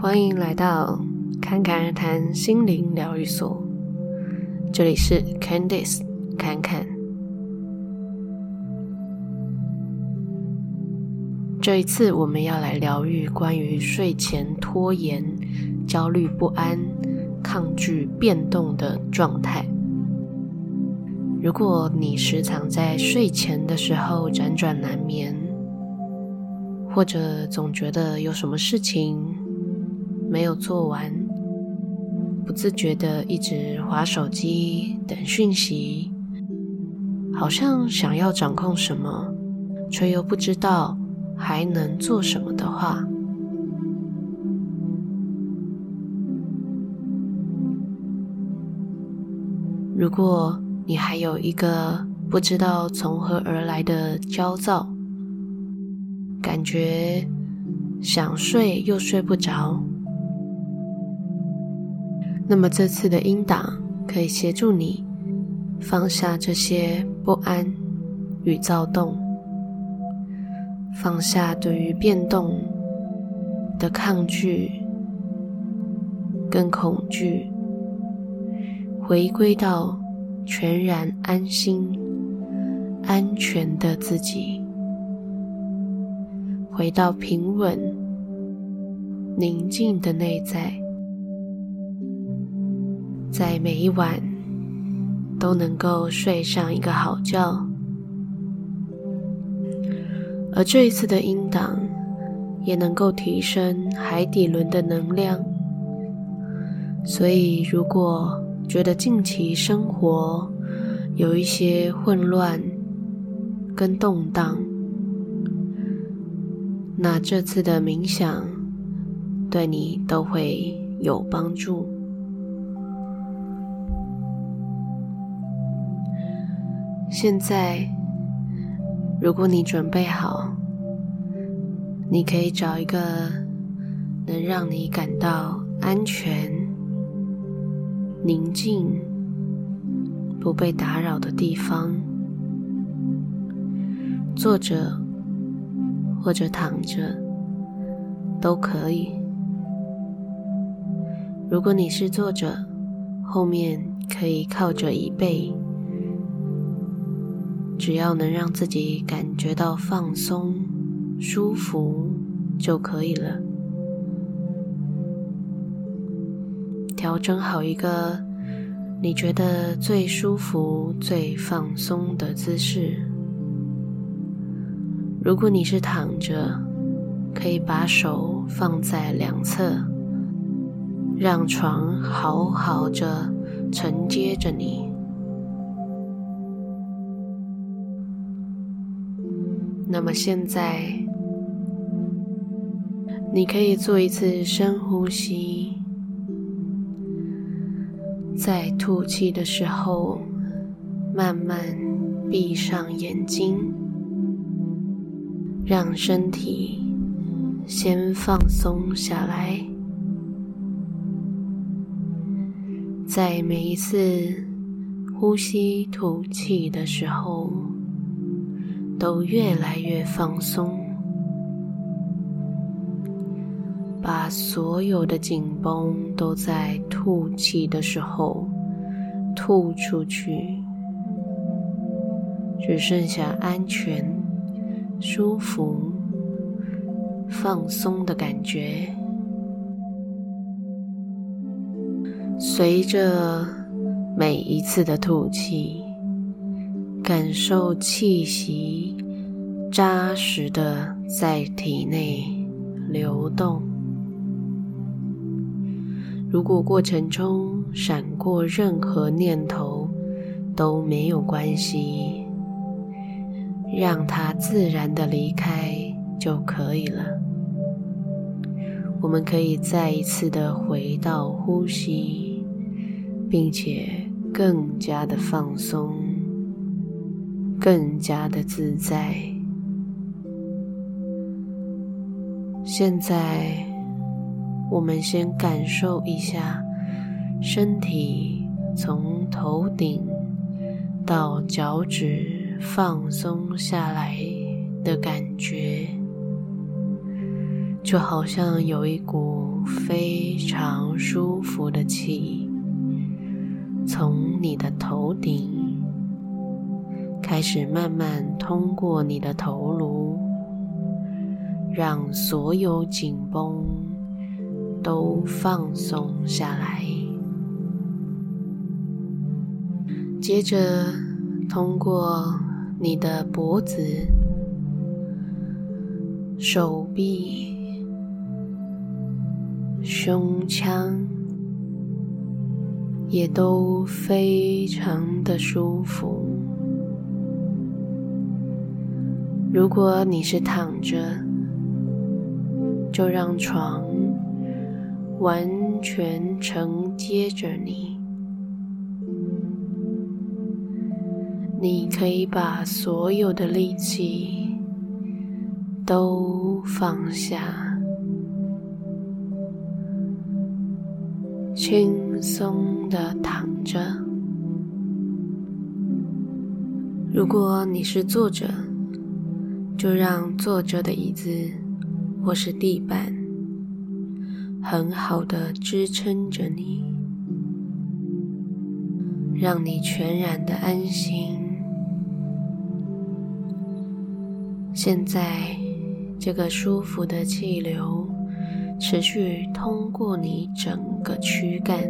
歡迎來到侃侃而談心靈療癒所，這裡是 Candice 侃侃。這一次我們要來療癒關於睡前拖延、焦慮不安、抗拒變動的狀態。如果你時常在睡前的時候輾轉難眠，或者總覺得有什麼事情，沒有做完，不自覺地一直滑手機等訊息，好像想要掌控什麼，卻又不知道還能做什麼的話。如果你還有一個不知道從何而來的焦躁，感覺想睡又睡不着。那麼，這次的音檔可以協助你放下這些不安與躁動，放下對於變動的抗拒跟恐懼，回歸到全然安心、安全的自己，回到平穩寧靜的內在。在每一晚都能夠睡上一個好覺，而這一次的音檔也能夠提升海底輪的能量。所以，如果覺得近期生活有一些混亂跟動盪，那這次的冥想對你都會有幫助。現在，如果你準備好，你可以找一個能讓你感到安全、寧靜、不被打擾的地方，坐着或者躺着都可以。如果你是坐着，後面可以靠着椅背。只要能讓自己感覺到放鬆、舒服就可以了。調整好一個你覺得最舒服、最放鬆的姿勢。如果你是躺着，可以把手放在兩側，讓床好好地承接着你。那麼現在，你可以做一次深呼吸，在吐氣的時候，慢慢閉上眼睛，讓身體先放鬆下來，在每一次呼吸吐氣的時候，都越來越放鬆，把所有的緊繃都在吐氣的時候吐出去，只剩下安全、舒服、放鬆的感覺，隨着每一次的吐氣。感受氣息扎實的在體內流動。如果過程中閃過任何念頭，都沒有關係，讓它自然的離開就可以了。我們可以再一次的回到呼吸，並且更加的放鬆。更加的自在。現在，我們先感受一下身體從頭頂到腳趾放鬆下來的感覺，就好像有一股非常舒服的氣從你的頭頂。開始慢慢通過你的頭顱，讓所有緊繃都放鬆下來。接着通過你的脖子、手臂、胸腔，也都非常的舒服。如果你是躺着，就讓床完全承接着你。你可以把所有的力氣都放下，輕鬆地躺着。如果你是坐着，就讓坐着的椅子或是地板很好的支撐着你，讓你全然的安心。現在，這個舒服的氣流持續通過你整個軀幹，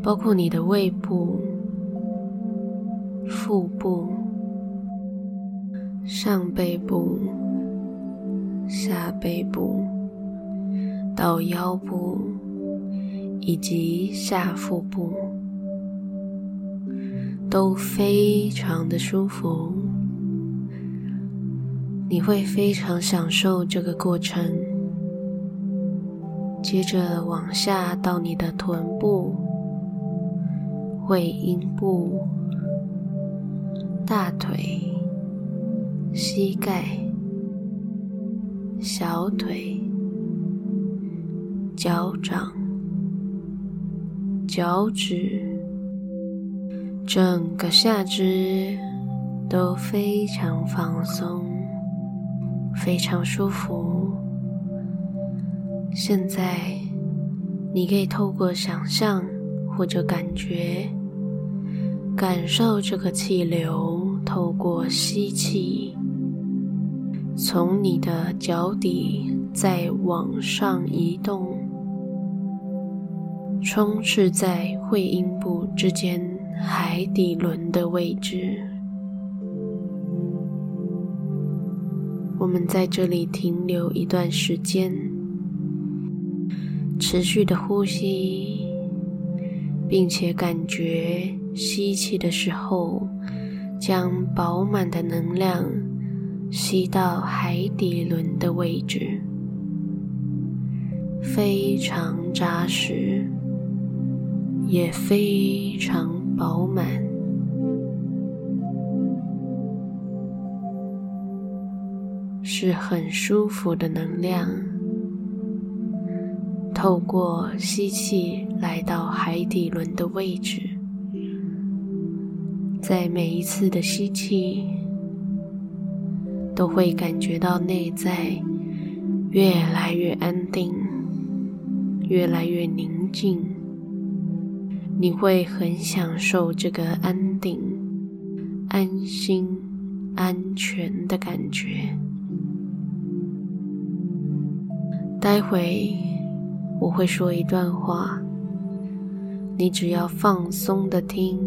包括你的胃部、腹部。上背部、下背部到腰部以及下腹部都非常的舒服，你會非常享受這個過程。接着往下到你的臀部、會陰部、大腿。膝蓋、小腿、腳掌、腳趾，整個下肢都非常放鬆，非常舒服。現在，你可以透過想象或者感覺，感受這個氣流透過吸氣。從你的腳底再往上移動，充斥在會陰部之間、海底輪的位置。我們在這裡停留一段時間，持續的呼吸，並且感覺吸氣的時候，將飽滿的能量。吸到海底輪的位置，非常紮實，也非常飽滿，是很舒服的能量。透過吸氣來到海底輪的位置，在每一次的吸氣，都會感覺到內在越來越安定，越來越寧靜。你會很享受這個安定、安心、安全的感覺。待會我會說一段話，你只要放鬆的聽，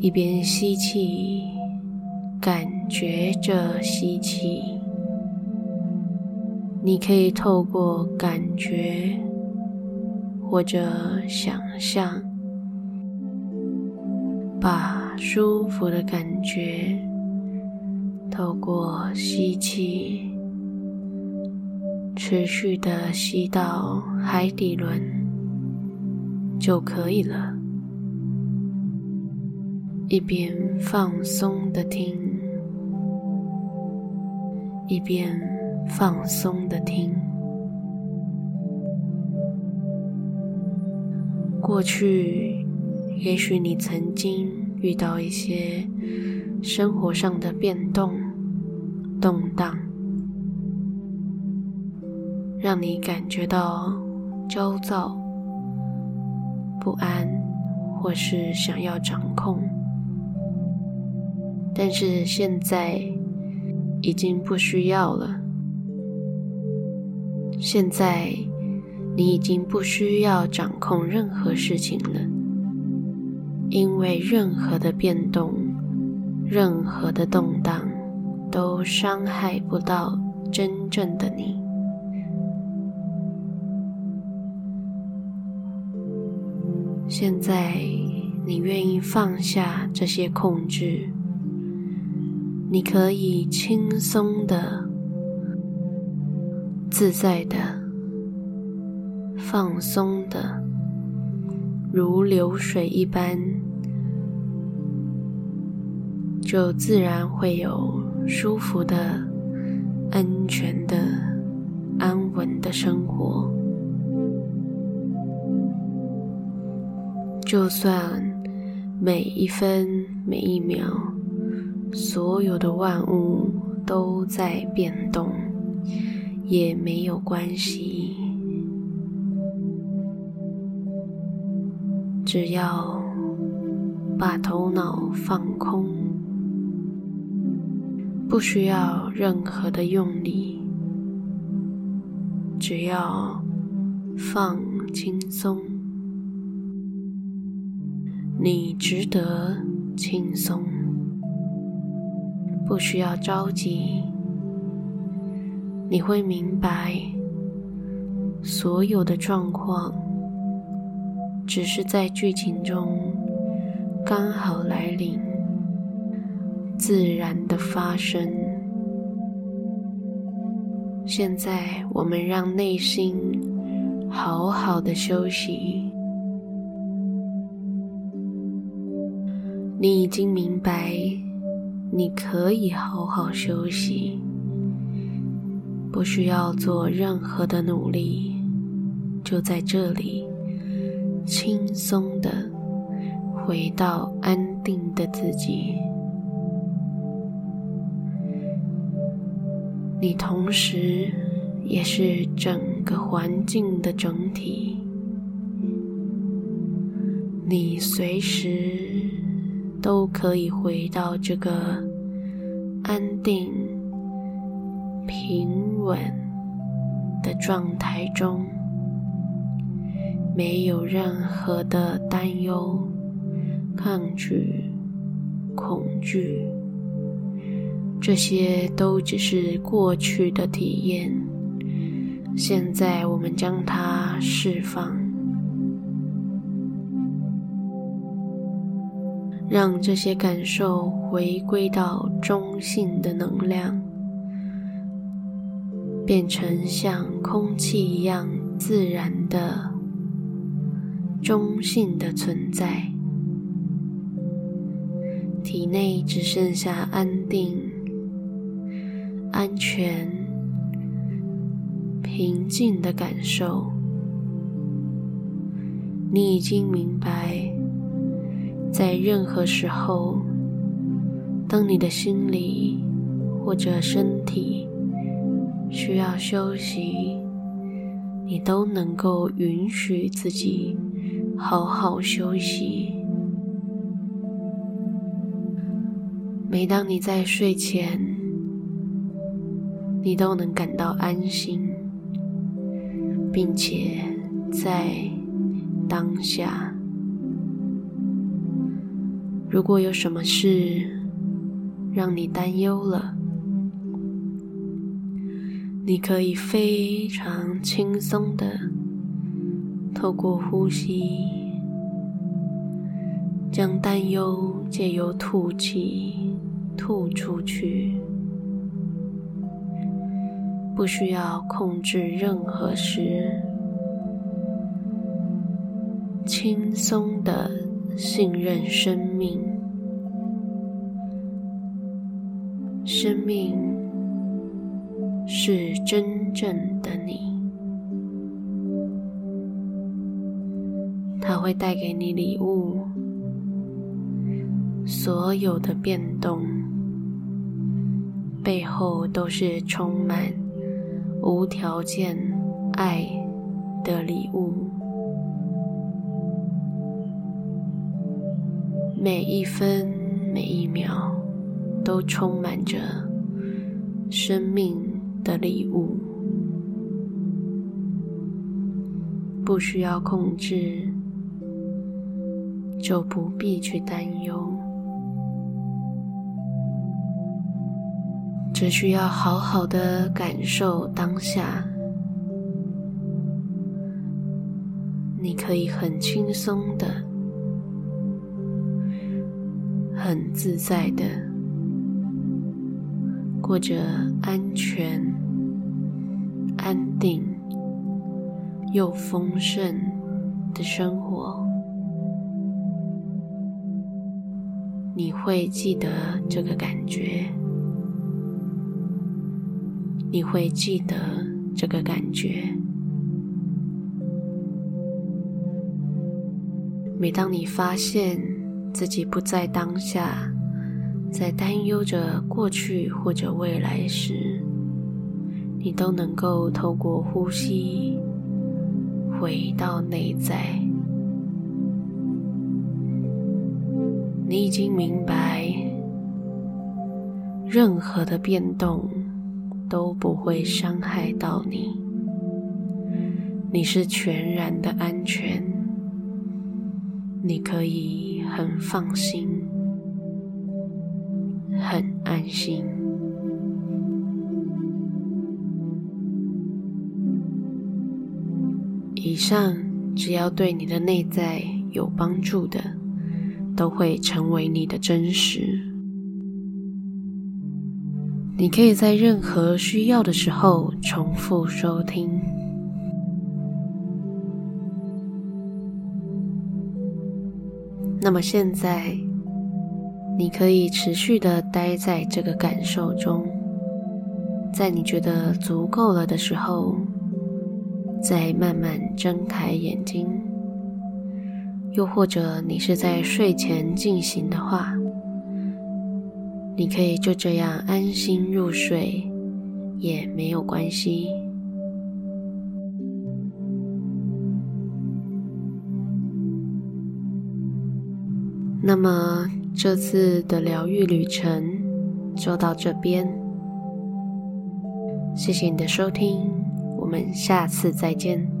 一邊吸氣，感覺。覺着吸氣，你可以透過感覺或者想象，把舒服的感覺透過吸氣持續的吸到海底輪就可以了。一邊放鬆的聽。一邊放鬆的聽。過去，也許你曾經遇到一些生活上的變動、動盪，讓你感覺到焦躁、不安，或是想要掌控。但是現在。已經不需要了。現在，你已經不需要掌控任何事情了，因為任何的變動、任何的動盪，都傷害不到真正的你。現在，你願意放下這些控制？你可以輕鬆的、自在的、放鬆的，如流水一般，就自然會有舒服的、安全的、安穩的生活。就算每一分、每一秒。所有的萬物都在變動，也沒有關係。只要把頭腦放空，不需要任何的用力，只要放輕鬆，你值得輕鬆。不需要着急，你會明白，所有的狀況只是在劇情中剛好來臨，自然的發生。現在我們讓內心好好的休息，你已經明白。你可以好好休息，不需要做任何的努力，就在這裡輕鬆地回到安定的自己。你同時也是整個環境的整體，你隨時，都可以回到這個安定、平穩的狀態中，沒有任何的擔憂、抗拒、恐懼，這些都只是過去的體驗。現在，我們將它釋放。讓這些感受回歸到中性的能量，變成像空氣一樣自然的中性的存在。體內只剩下安定、安全、平靜的感受。你已經明白。在任何時候，當你的心裡或者身體需要休息，你都能夠允許自己好好休息。每當你在睡前，你都能感到安心，並且在當下。如果有什麼事讓你擔憂了，你可以非常輕鬆的透過呼吸，將擔憂借由吐氣吐出去，不需要控制任何事，輕鬆的。信任生命，生命是真正的你，它會帶給你禮物。所有的變動背後，都是充滿無條件愛的禮物。每一分每一秒，都充滿着生命的禮物。不需要控制，就不必去擔憂，只需要好好的感受當下。你可以很輕鬆的。很自在的過着安全、安定又豐盛的生活，你會記得這個感覺，你會記得這個感覺。每當你發現。自己不在當下，在擔憂着過去或者未來時，你都能夠透過呼吸回到內在。你已經明白，任何的變動都不會傷害到你。你是全然的安全，你可以。很放心，很安心。以上只要對你的內在有幫助的，都會成為你的真實。你可以在任何需要的時候重複收聽。那麼現在，你可以持續地待在這個感受中，在你覺得足夠了的時候，再慢慢睜開眼睛。又或者你是在睡前進行的話，你可以就這樣安心入睡，也沒有關係。那麼這次的療癒旅程就到這邊，謝謝你的收聽，我們下次再見。